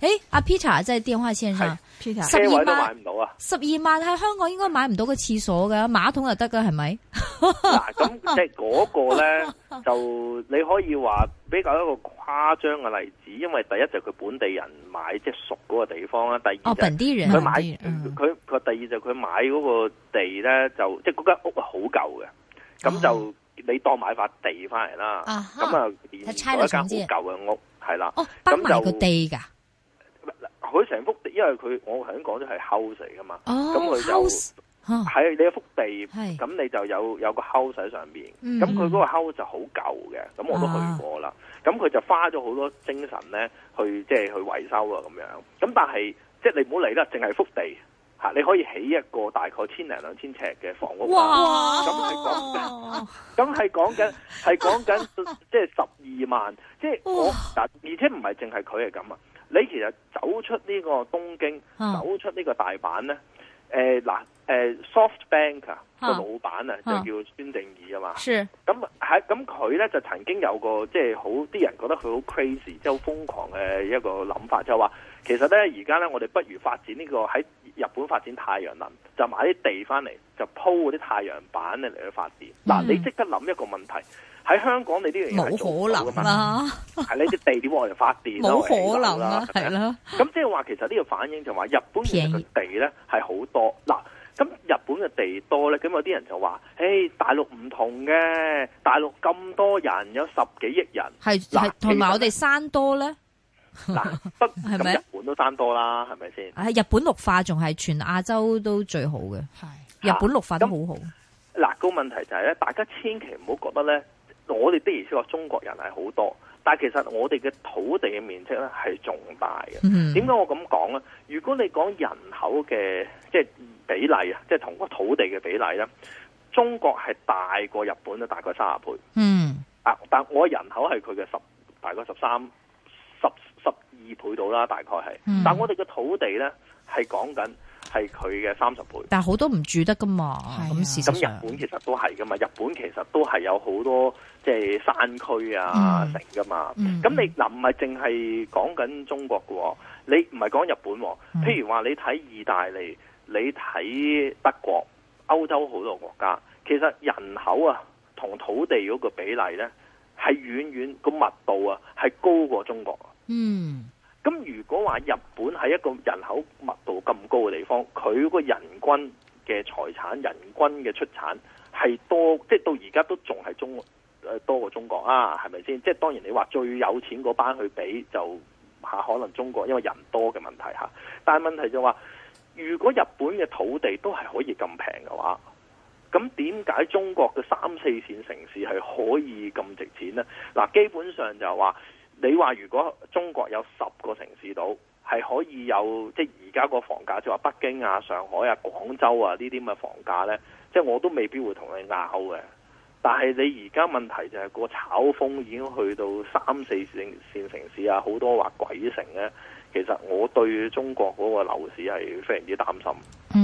誒，阿 Peter 真係電話線上，十二萬十二萬喺香港應該買唔到個廁所噶，馬桶就得噶，係咪？嗱，咁即係嗰個咧， 就你可以話比較一個誇張嘅例子，因為第一就佢本地人買即係、就是、熟嗰個地方啦。第二就是佢買，哦本地人佢買佢佢、嗯、第二就佢買嗰個地咧，就即係嗰間屋啊好舊嘅，咁就你當買塊地翻嚟啦。咁啊哈，拆咗間好舊嘅屋係啦。啊、哈哦，百萬就個地㗎。佢成幅地，因為佢我頭先講咗係坑嚟噶嘛，咁佢、oh, 就喺 house? 你一幅地，咁、oh. 你就有有個坑喺上面。咁佢嗰個坑就好舊嘅，咁我都去過啦，咁佢、oh. 就花咗好多精神咧去即係、就是、去維修啊咁樣，咁但係即係你唔好理啦，淨係幅地你可以起一個大概千零兩千尺嘅房屋，咁係講緊，咁係講緊係講緊即係十二萬，即、就、係、是、我，oh. 而且唔係淨係佢係咁啊。你其實走出呢個東京，嗯、走出呢個大阪呢誒嗱、呃呃、，SoftBank 啊個、嗯、老闆啊、嗯、就叫孫正義啊嘛，咁係咁佢呢，就曾經有個即係、就是、好啲人覺得佢好 crazy，即係好瘋狂嘅一個諗法，就係、是、話其實呢，而家呢，我哋不如發展呢、這個喺日本發展太陽能，就買啲地翻嚟就鋪嗰啲太陽板嚟去發電。嗱、嗯嗯，你即刻諗一個問題。喺香港你呢樣嘢，冇可能啦，啊，係呢啲地點樣嚟發電？冇可能啦，啊，係啦，咁即係話，其實呢個反應就話，日本嘅地咧係好多。嗱片，咁日本嘅地多咧，咁有啲人就話，誒，大陸唔同嘅，大陸咁多人，有十幾億人，係同埋我哋山多咧，嗱不係咪？日本都山多啦，係咪先？係日本綠化仲係全亞洲都最好嘅，係的日本綠化都好好。嗱，啊，個問題就係、是、咧，大家千祈唔好覺得咧。我哋的而且確，中國人係好多，但係其實我哋嘅土地嘅面積咧係仲大嘅。點解我咁講咧？如果你講人口嘅即係比例啊，即係同個土地嘅比例咧，中國係大過日本啦，大概三十倍。嗯啊，但我的人口係佢嘅十，大概十三十十二倍到啦，大概係。Mm. 但我哋嘅土地咧係講緊。係佢嘅三十倍，但係好多唔住得噶嘛。咁事實咁日本其實都係噶嘛，日本其實都係有好多即係山區啊城噶、嗯、嘛。咁、嗯、你嗱唔係淨係講緊中國嘅喎，你唔係講日本喎。嗯、譬如話你睇意大利，你睇德國，歐洲好多國家，其實人口啊同土地嗰個比例咧，係遠遠個密度啊係高過中國嗯。咁如果話日本係一個人口密度咁高嘅地方，佢個人均嘅財產、人均嘅出產係多，即係到而家都仲係中誒多過中國啊，係咪先？即係當然你話最有錢嗰班去比就吓可能中國，因為人多嘅問題吓。但係問題就話，如果日本嘅土地都係可以咁平嘅話，咁點解中國嘅三四線城市係可以咁值錢呢？嗱，基本上就話。你話如果中國有十個城市度係可以有即係而家個房價，即係話北京啊、上海啊、廣州啊呢啲咁嘅房價呢，即係我都未必會同你拗嘅。但係你而家問題就係個炒風已經去到三四線城市啊，好多話鬼城呢。其實我對中國嗰個樓市係非常之擔心的。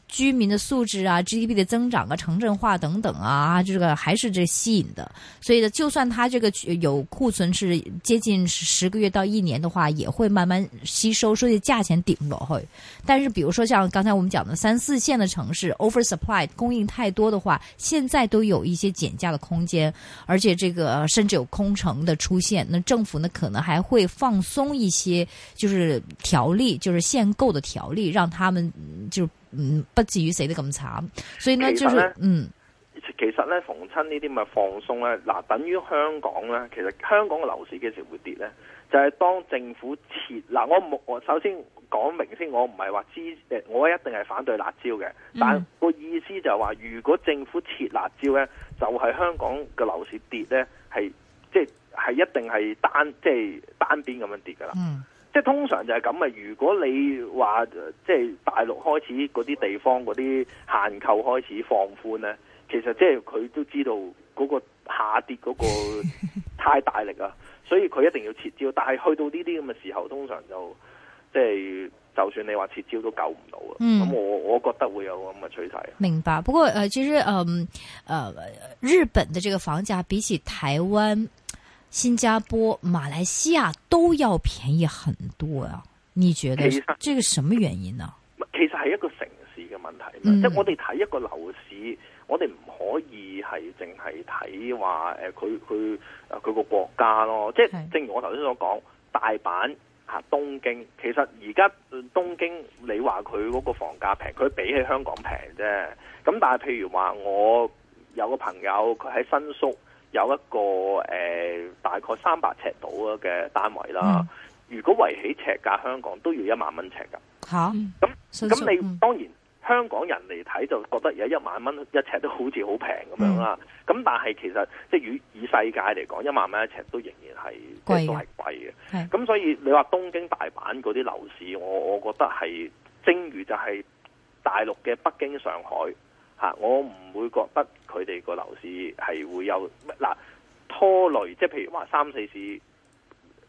居民的素質啊，GDP 的增長啊，城鎮化等等啊，這個還是這吸引的。所以呢，就算它這個有庫存是接近十個月到一年的話，也會慢慢吸收，所以價錢頂不上去。但是，比如說像剛才我們講的三四線的城市，over supply 供應太多的話，現在都有一些減價的空間，而且這個甚至有空城的出現。那政府呢，可能還會放鬆一些，就是條例，就是限購的條例，讓他們就。唔、嗯，不至於死得咁慘，所以呢，呢嗯，其實呢，逢親呢啲咪放鬆呢？嗱、啊，等於香港呢，其實香港嘅樓市幾時會跌呢？就係、是、當政府撤嗱、啊，我我首先講明先，我唔係話知，我一定係反對辣椒嘅，但個意思就係話，如果政府撤辣椒呢，就係、是、香港嘅樓市跌呢，係即係係一定係單即係、就是、單邊咁樣跌噶啦。嗯即通常就係咁啊！如果你話，即、就、係、是、大陸開始嗰啲地方嗰啲限購開始放寬咧，其實即係佢都知道嗰個下跌嗰個太大力啊， 所以佢一定要撤招。但係去到呢啲咁嘅時候，通常就即係、就是、就算你話撤招都救唔到啊。咁、嗯、我我覺得會有咁嘅趨勢。明白。不過誒其實誒誒日本的這個房價比起台灣、新加坡、馬來西亞都要便宜很多啊？你覺得這個什麼原因呢，啊？其實係一個城市嘅問題，嗯、即係我哋睇一個樓市，我哋唔可以係淨係睇話誒，佢佢佢個國家咯。即係正如我頭先所講，大阪吓、啊、東京，其實而家東京你話佢嗰個房價平，佢比起香港平啫。咁但係譬如話我有個朋友，佢喺新宿。有一個誒、呃，大概三百尺到嘅單位啦。嗯、如果圍起尺價，香港都要一萬蚊尺㗎。嚇！咁咁你、嗯、當然香港人嚟睇就覺得而家一萬蚊一尺都好似好平咁樣啦。咁、嗯、但係其實即係以以世界嚟講，一萬蚊一尺都仍然係貴嘅都係貴嘅。係的。咁所以你話東京、大阪嗰啲樓市，我我覺得係正如就係大陸嘅北京、上海。嚇，我唔會覺得佢哋個樓市係會有嗱拖累，即係譬如話三四市，誒、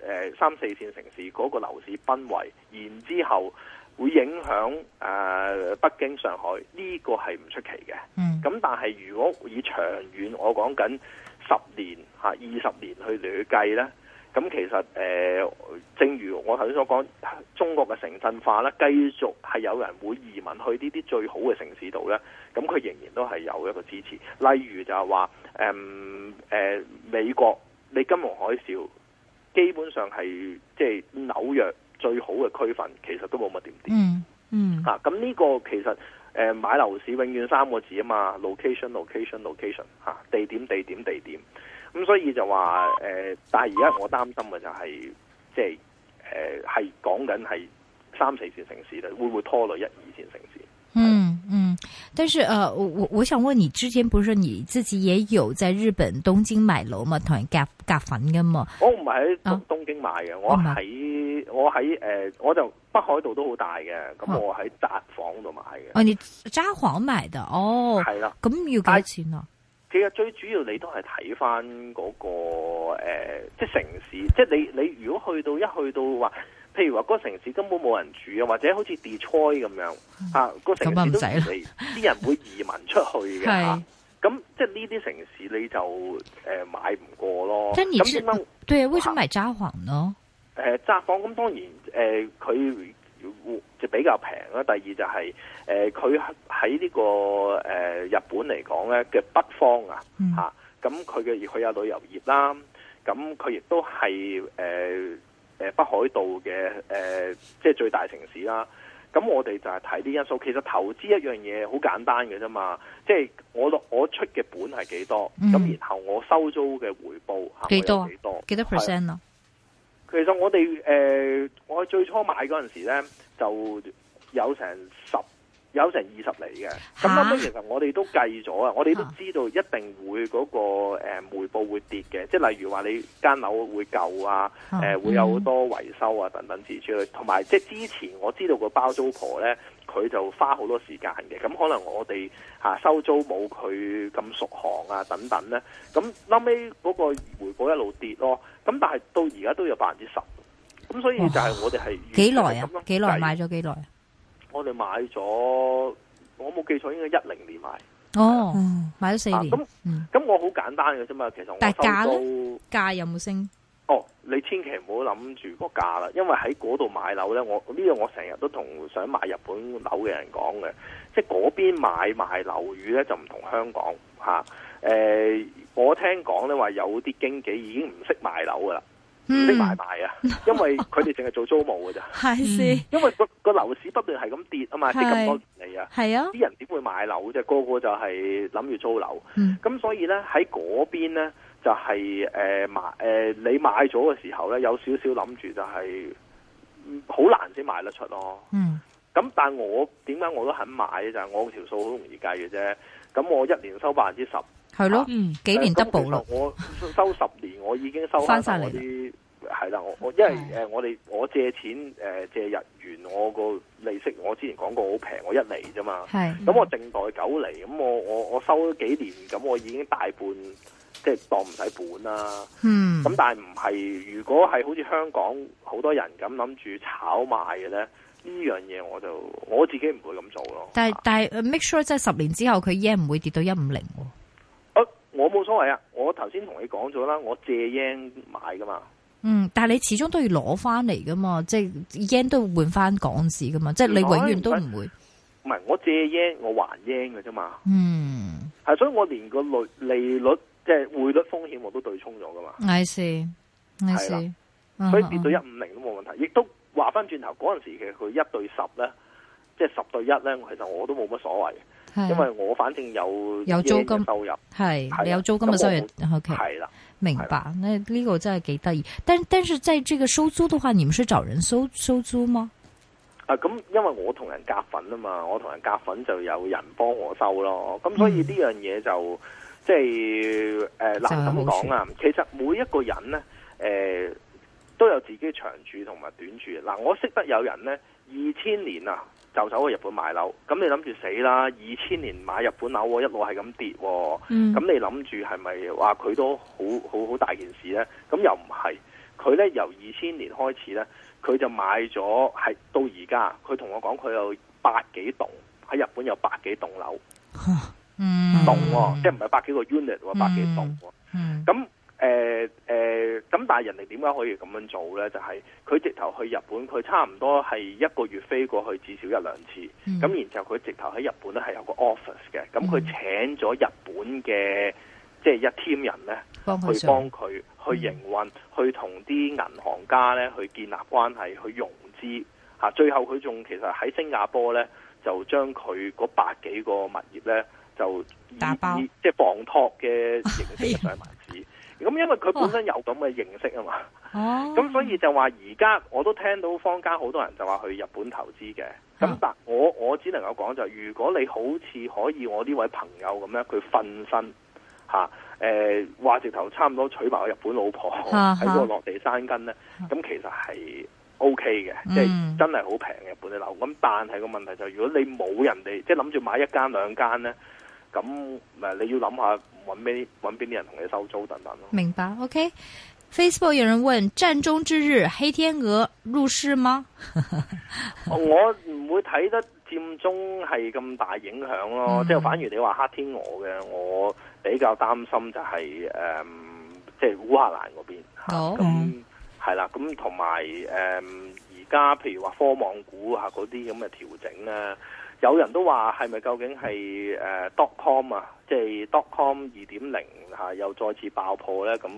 呃、三四線城市嗰個樓市崩壞，然之後會影響誒、呃、北京、上海呢，這個係唔出奇嘅。嗯，咁但係如果以長遠，我講緊十年嚇、啊、二十年去累去計咧。咁其實、呃、正如我頭先所講，中國嘅城鎮化咧，繼續係有人會移民去呢啲最好嘅城市度咧，咁佢仍然都係有一個支持。例如就係話、嗯呃、美國，你金融海嘯，基本上係即係紐約最好嘅區份，其實都冇乜點點。嗯嗯。嗯啊，咁呢個其實誒、呃、買樓市永遠三個字嘛 location, location, location, 啊嘛，location，location，location，吓，地點地點地點。地點地點咁、嗯、所以就話誒、呃，但係而家我擔心嘅就係、是，即係誒係講緊係三四線城市咧，會唔會拖累一二線城市？嗯嗯，但是呃，我我想問你，之前不是你自己也有在日本東京買樓嘛？同人夾夾份㗎嘛？我唔係喺東京買嘅，我喺、哦、我喺誒、呃，我就北海道都好大嘅，咁、啊、我喺札幌度買嘅、哦。哦，你札幌買嘅？哦，係啦、啊，咁要幾多錢啊？其實最主要你都係睇翻嗰個誒、呃，即係城市，即係你你如果去到一去到話，譬如話嗰個城市根本冇人住啊，或者好似 Detroit 咁樣、嗯啊那個、城市都唔使啲人會移民出去嘅吓。咁即係呢啲城市你就誒、呃、買唔過咯。但你是樣對，為什麼買札幌呢？誒、嗯，札幌咁當然誒，佢、呃。就比較平啦。第二就係、是、誒，佢喺呢個誒、呃、日本嚟講咧嘅北方、嗯、啊，嚇咁佢嘅佢有旅遊業啦。咁佢亦都係誒誒北海道嘅誒，即、呃、係、就是、最大城市啦。咁我哋就係睇啲因素。其實投資一樣嘢好簡單嘅啫嘛，即、就、係、是、我我出嘅本係幾多，咁、嗯、然後我收租嘅回報嚇幾多，幾多啊？幾多 percent 啊？其實我哋誒、呃，我最初買嗰陣時咧，就有成十，有成二十厘嘅。咁根本其實我哋都計咗啊，我哋都知道一定會嗰、嗰個回、啊、報會跌嘅，即係例如話你間樓會舊啊，誒、啊、會有好多維修啊等等之處，同埋即係之前我知道個包租婆咧。佢就花好多時間嘅，咁可能我哋嚇、啊、收租冇佢咁熟行啊等等咧，咁後尾嗰個回報一路跌咯，咁但係到而家都有百分之十，咁所以就係我哋係幾耐啊？幾耐買咗幾耐？我哋買咗，我冇記錯應該一零年買。哦，啊、買咗四年。咁咁、啊嗯、我好簡單嘅啫嘛，其實我收到價有冇升？哦，你千祈唔好諗住個價啦，因為喺嗰度買樓咧，我呢、呢個我成日都同想買日本樓嘅人講嘅，即係嗰邊買賣樓宇咧就唔同香港吓。誒、啊欸，我聽講咧話有啲經紀已經唔識買樓噶啦，唔識買賣啊，嗯、因為佢哋淨係做租務噶咋。係先、 嗯，因為個個樓市不斷係咁跌啊嘛，跌咁是多年嚟啊，係啊，啲人點會買樓啫？個個就係諗住租樓，咁、嗯、所以咧喺嗰邊咧。就係、是、誒、呃呃、你買咗嘅時候咧，有少少諗住就係好難先賣得出咯。嗯，咁但係我點解我都肯買？就係、是、我條數好容易計嘅啫。咁我一年收百分之十，係咯的，嗯、啊，幾年得保咯？我收十年，我已經收翻曬啲係啦。我我因為我哋我借錢、呃、借日元，我個利息我之前講過好平，我一厘啫嘛。咁的，我靜待九厘，咁我我我收幾年，咁我已經大半。即係當唔使本啦、啊，咁、嗯、但係唔係，如果係好似香港好多人咁諗住炒賣嘅咧，呢樣嘢我就我自己唔會咁做咯。但係但係 make sure 即係十年之後佢 yen 唔會跌到一五零。誒，我冇所謂啊！我頭先同你講咗啦，我借 yen 買噶嘛。嗯，但係你始終都要攞翻嚟噶嘛，即係 yen 都要換翻港紙噶嘛，即係你永遠都唔會。唔係，我借 yen 我還 yen 嘅啫嘛。嗯，係所以我連個利率。即係匯率風險我都對沖咗噶嘛，嗌是係啦，所以跌到一五零都冇問題。亦、uh huh. 都話翻轉頭嗰陣時，其實佢一對十咧，即、就、係、是、十對一咧，其實我都冇乜所謂。啊、因為我反正有有租金收入，係的你有租金嘅收入，係啦，明白。呢的個真係幾得意。但但是，在這個收租的話，你們是找人收收租嗎？啊，咁因為我同人夾份啊嘛，我同人夾份就有人幫我收咯。咁所以呢樣嘢就。嗯即係誒，嗱、呃，咁講啊，其實每一個人呢，誒、呃，都有自己長處同埋短處。嗱、呃，我識得有人呢，二千年啊就走去日本買樓，咁你諗住死啦！二千年買日本樓，我一路係咁跌，咁你諗住係咪話佢都好好好大件事呢？咁又唔係，佢呢，由二千年開始呢，佢就買咗，係到而家，佢同我講佢有百幾棟喺日本有百幾棟樓。 嗯，棟喎、啊，即係唔係百幾個 unit 喎、啊，百幾棟喎。咁誒誒，咁、呃呃、但係人哋點解可以咁樣做呢？就係、是、佢直頭去日本，佢差唔多係一個月飛過去至少一兩次。咁、嗯，然之後佢直頭喺日本咧係有個 office 嘅，咁佢、嗯、請咗日本嘅即係一 team 人呢幫他去幫佢去營運，嗯、去同啲銀行家呢去建立關係，去融資。吓、啊，最後佢仲其實喺新加坡呢，就將佢嗰百幾個物業呢。就以，包以即係房託嘅形式上埋市，咁 因為佢本身有咁嘅形式啊嘛，咁、哦、 所以就話而家我都聽到坊間好多人就話去日本投資嘅，咁、啊、但我我只能夠講就是、如果你好似可以我呢位朋友咁樣，佢分身吓，誒、啊、話、呃、直頭差唔多娶埋個日本老婆喺度、啊、落地生根咧，咁、啊、其實係 O K 嘅，嗯、即係真係好平日本嘅樓，咁但係個問題就係、如果你冇人哋即係諗住買一間兩間咧。咁誒，你要諗下搵啲揾邊啲人同你收租等等咯。明白，OK。Facebook 有人問：佔中之日，黑天鵝入市嗎？ 我唔會睇得佔中係咁大影響咯，嗯、即係反而你話黑天鵝嘅，我比較擔心就係、是、誒，即係烏克蘭嗰邊。好、oh. 啊，咁係啦，咁同埋誒，而家、嗯、譬如話科網股嚇嗰啲咁嘅調整咧。有人都話係咪究竟係誒 dot com 啊、就是，即係 dot com 二點零嚇又再次爆破咧？咁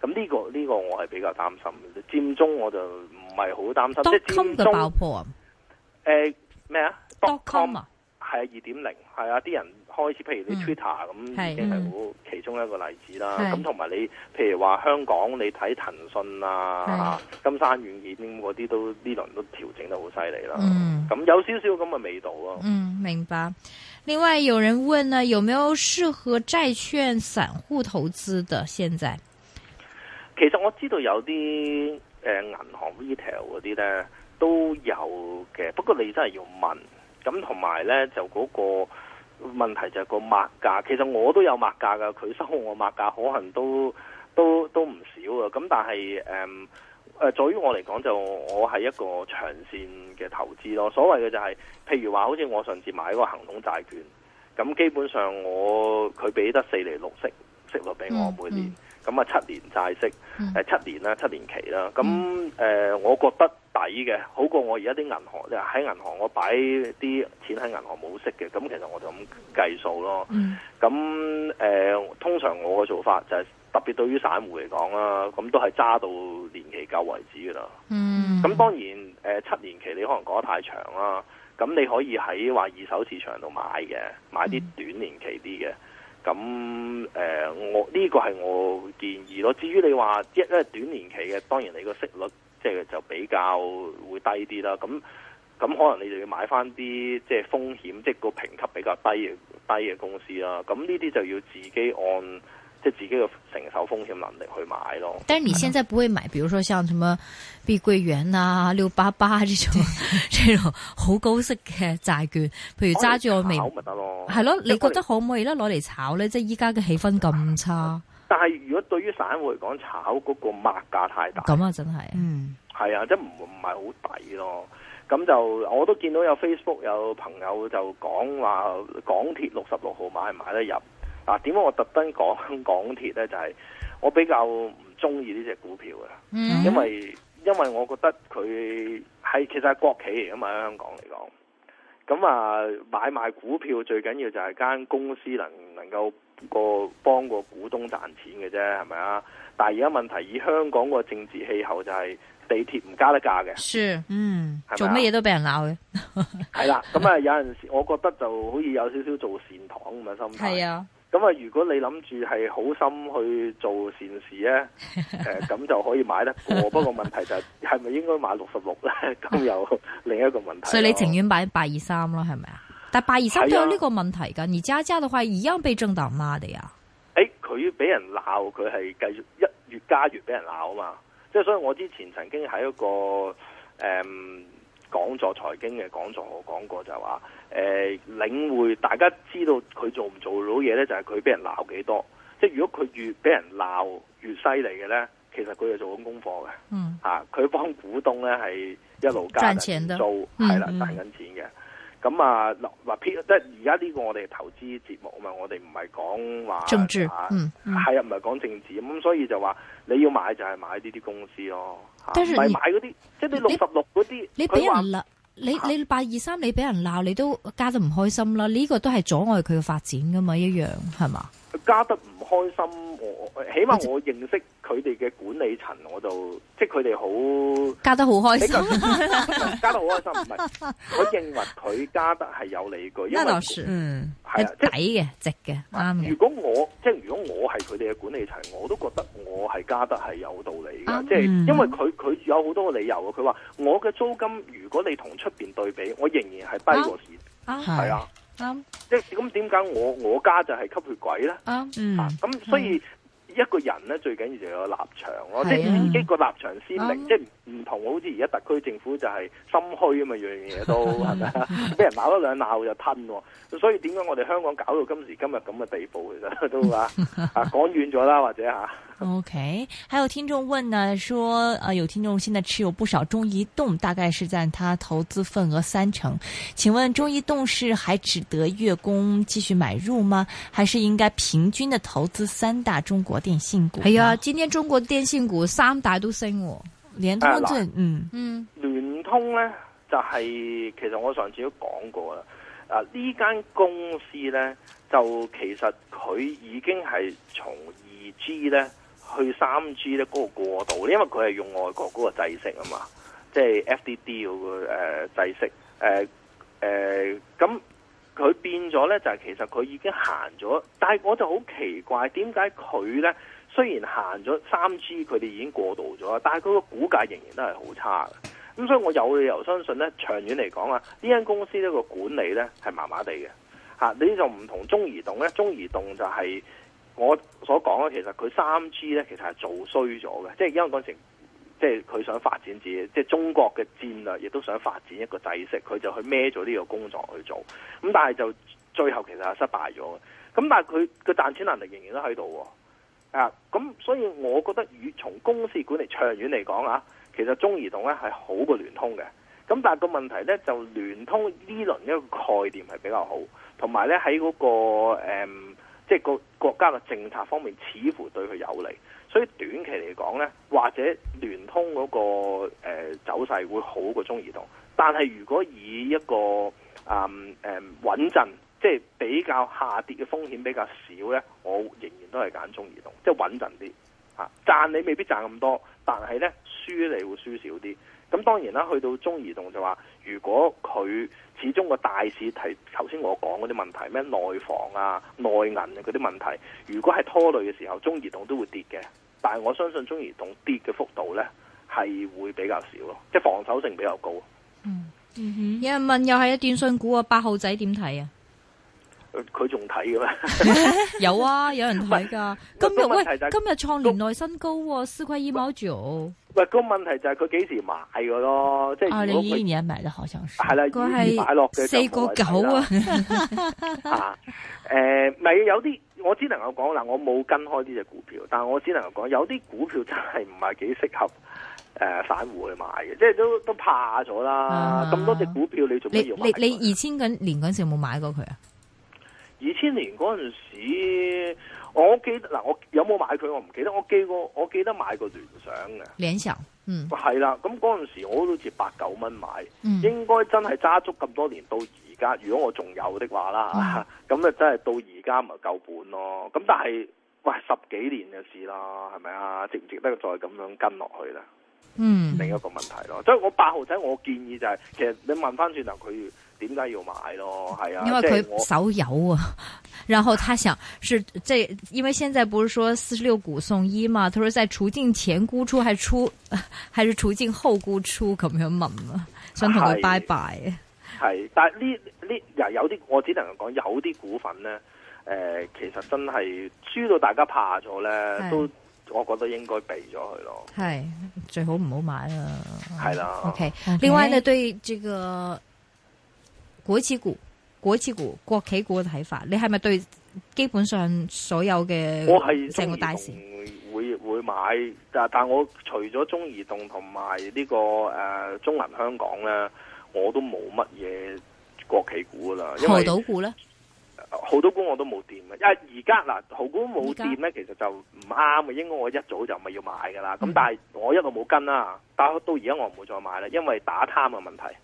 咁呢個呢、呢個我係比較擔心。嘅，佔中我就唔係好擔心，com 即係佔中嘅爆破啊？誒咩啊？dot com 啊？係二點零，係啊啲人。開始，譬如你 Twitter 咁、嗯、已經係好其中一個例子啦。咁同埋你，譬如話香港你睇騰訊啊、嗯、金山軟件嗰啲都呢輪都調整得好犀利啦。咁、嗯、有少少咁嘅味道咯、啊。嗯，明白。另外有人問呢，有冇有適合債券散戶投資嘅？現在其實我知道有啲誒、呃、銀行 Vetail 嗰啲咧都有嘅，不過你真係要問。咁同埋咧就嗰、嗰個。問題就係個麥價，其實我都有麥價噶，佢收我麥價，可能都都都唔少啊。咁但係誒誒，對、嗯、於、呃、我嚟講就我係一個長線嘅投資咯。所謂嘅就係、是，譬如話好似我上次買一個恒隆債券，咁基本上我佢俾得四厘六息息落俾我每年，咁啊、嗯嗯、七年債息誒、嗯、七年啦，七年期啦。咁誒、嗯呃，我覺得。抵嘅，好過我而家啲銀行，喺銀行我擺啲錢喺銀行冇息嘅，咁其實我就咁計數咯。咁誒、嗯呃，通常我嘅做法就係、是，特別對於散戶嚟講啦，咁都係揸到年期夠為止噶啦。咁、嗯、當然，誒、呃、七年期你可能覺得太長啦，咁你可以喺話二手市場度買嘅，買啲短年期啲嘅。咁誒、嗯呃，我呢、這個係我建議咯。至於你話一咧短年期嘅，當然你個息率。即係就比較會低啲啦，咁咁可能你就要買翻啲即係風險，即係個評級比較低嘅低嘅公司啦。咁呢啲就要自己按即係自己嘅承受風險能力去買咯。但係你現在不會買，啊、比如說像什麼碧桂園啊、六八八呢種即係 好高息嘅債券，譬如揸住我未？炒咪得咯，係咯？你覺得可唔可以咧攞嚟炒咧？即係依家嘅氣氛咁差。但係如果對於散戶嚟講，炒嗰個碼價太大，咁啊真係，嗯，係啊，即係唔唔係好抵咯。咁就我都見到有 Facebook 有朋友就講話港鐵六十六號買唔買得入。嗱、啊，點解我特登講港鐵咧？就係、是、我比較唔中意呢隻股票嘅，嗯、因為因為我覺得佢係其實係國企嚟噶嘛，喺香港嚟講。咁啊，買賣股票最緊要就係間公司能能夠個幫個股東賺錢嘅啫，係咪啊？但係而家問題以香港個政治氣候，就係地鐵唔加得價嘅，嗯，係啩？做乜嘢都俾人鬧嘅，係 啦。咁啊，有陣時我覺得就好似有少少做善堂咁嘅心態。咁啊！如果你諗住係好心去做善事咧，誒、 呃，咁就可以買得過。不過問題就係，係咪應該買六十六咧？都有另一個問題。 所以你情願擺八二三啦，係咪啊？但八二三都有呢個問題噶，而家加嘅話一樣被政黨罵的呀。誒、欸，佢俾人鬧，佢係繼續一越加越俾人鬧啊嘛。即係所以我之前曾經喺一個誒。嗯講座財經嘅講座，我講過就係話，誒、呃，領會大家知道佢做唔做到嘢咧，就係佢俾人鬧幾多。即係如果佢越俾人鬧越犀利嘅咧，其實佢係做緊功課嘅。嗯，嚇、啊，佢幫股東咧係一路加錢做，係啦，賺緊錢嘅。嗯嗯。咁啊，嗱嗱，即係而家呢個我哋投資節目啊嘛，我哋唔係講話政治，嗯，係、嗯、啊，唔係講政治咁，所以就話你要買就係買呢啲公司咯，唔係買嗰啲，即、就、係、是、你六十六嗰啲，你俾人鬧，你你八二三你俾人鬧，你都加得唔開心啦，呢、這個都係阻礙佢嘅發展噶嘛，一樣係嘛？加得唔開心？我起碼我認識佢哋嘅管理層，我就即係佢哋好加得好開心， 加得好開心唔係？我認為佢加得係有理據，因為得嗯係啊，即係抵嘅值嘅的啱，如果我的即係如果我係佢哋嘅管理層，我都覺得我係加得係有道理嘅，啊、即係因為佢佢有好多個理由嘅。佢話我嘅租金如果你同出面對比，我仍然係低過市啊，啊。啱，即係咁點解我我家就係吸血鬼咧？啱，嗯，咁、啊、所以一個人咧最緊要就有立場咯，啊、即係自己個立場鮮明，即係、嗯。唔同，好似而家特區政府就係心虛啊嘛，樣樣嘢都係咪啊？俾 人鬧一兩鬧就吞、哦，所以點解我哋香港搞到今時今日咁嘅地步，其實都話啊，講遠咗啦，或者吓。 OK，還有聽眾問呢，說，呃有聽眾現在持有不少中移動，大概是佔他投資份額三成，請問中移動是還值得月供繼續買入嗎？還是應該平均的投資三大中國電信股？係啊，今天中國電信股三大都升喎。聯通、就是、啊，嗯嗯，聯通呢，就係、是、其實我上次都講過啦，啊呢間公司呢，就其實佢已經係從二 G 呢去三 G 呢嗰、那個過渡，因為佢係用外國嗰個制式啊嘛，即、就、係、是、FDD 嗰、那個誒、呃、制式，誒、呃、誒，咁、呃、佢變咗呢，就係、是、其實佢已經行咗，但係我就好奇怪，點解佢呢？雖然行咗三 G，佢哋已經過渡咗，但係佢個股價仍然都係好差嘅。咁所以我有理由相信咧，長遠嚟講啊，呢間公司呢個管理咧係麻麻地嘅。嚇，呢啲就唔同中移動咧。中移動就係我所講咧，其實佢三 G 咧其實係做衰咗嘅。即係因為嗰陣時即係佢想發展自己，即係中國嘅戰略，亦都想發展一個制式，佢就去孭咗呢個工作去做。咁但係就最後其實係失敗咗嘅。咁但係佢個賺錢能力仍然都喺度啊。啊，咁所以我覺得與從公司管理長遠嚟講啊，其實中移動咧係好過聯通嘅。咁但係個問題咧就聯通呢輪一個概念係比較好，同埋咧喺嗰個、嗯、即係個國家嘅政策方面似乎對佢有利，所以短期嚟講咧，或者聯通嗰、個、呃、走勢會好過中移動。但係如果以一個啊誒、嗯嗯、穩陣。即係比較下跌嘅風險比較少呢，我仍然都係揀中移動，即係穩陣啲嚇。賺你未必賺咁多，但係呢，輸你會輸少啲。咁當然啦，去到中移動就話，如果佢始終個大市提頭先我講嗰啲問題咩內房啊、內銀啊嗰啲問題，如果係拖累嘅時候，中移動都會跌嘅。但係我相信中移動跌嘅幅度呢，係會比較少咯，即係防守性比較高。嗯嗯哼，有人問又係電訊股啊，八號仔點睇啊？佢仲睇噶咩？ 有啊，有人睇噶。 今日今日創年內新高，四塊一毛九。喂、那，個問題就係佢幾時買噶咯？即係如果佢二一年買咧，好像是係啦，二了買落嘅四個九啊。誒，咪有啲我只能夠講嗱，我冇跟開呢隻股票，但係我只能夠講有啲股票真係唔係幾適合誒、呃、散戶去買嘅，即係都都怕咗啦。咁、啊、多隻股票你仲要你你二千年嗰時候有冇買過佢啊？二千年嗰陣時，我記得嗱，我有冇買佢？我唔記得。我記，我記過，我記得買過聯想嘅聯想，嗯，係啦。咁嗰陣時我，我好似八九蚊買，嗯、應該真係揸足咁多年到而家。如果我仲有的話啦，咁咧、啊、 真係到而家咪夠本咯。咁但係喂，十幾年嘅事啦，係咪啊？值唔值得再咁樣跟落去咧？嗯，另一個問題咯。即係，我八號仔，我建議就係、是，其實你問翻轉頭佢。點解要買咯？係啊，因為佢手有啊。 然後他想是即係，因為現在不是說四十六股送一嘛？他說在除淨前沽出，還出還是除淨後沽出咁樣問啊？想同佢拜拜、啊。係，但係呢呢啊有啲我只能講有啲股份咧，誒、呃，其實真係輸到大家怕咗咧，唉都我覺得應該避咗佢咯。係最好唔好買了啦。係啦 Okay, okay。OK，另外呢，對這個。次之股，股次股，國企股嘅睇法，你係咪對基本上所有嘅？我係中移動會會買，但但我除咗中移動同埋呢個誒、呃、中銀香港咧，我都冇乜嘢國企股噶啦。因為，濠賭股咧，好多股我都冇掂嘅，因為而家嗱，濠股冇掂咧，其實就唔啱嘅，在應該我一早就咪要買噶啦。咁、嗯、但係我一個冇跟啦，但到而家我唔會再買啦，因為打貪嘅問題。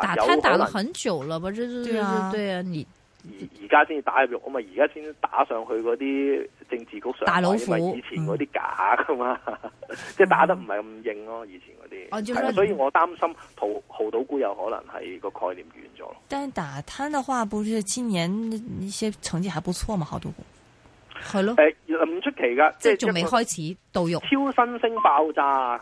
打貪打咗很久了吧？就是、對啊，對啊，你而而家先打入肉啊嘛，而家先打上去嗰啲政治局上大老虎，以前嗰啲假噶嘛，即係、嗯、 打得唔係咁硬咯，嗯、以前嗰啲、啊就是。所以我擔心濠濠賭股有可能係個概念軟咗咯。但係打貪的話，不是今年一些成績還不錯嘛？濠賭股，係咯了。誒、呃，唔出奇噶，即係仲未開始到肉超新星爆炸。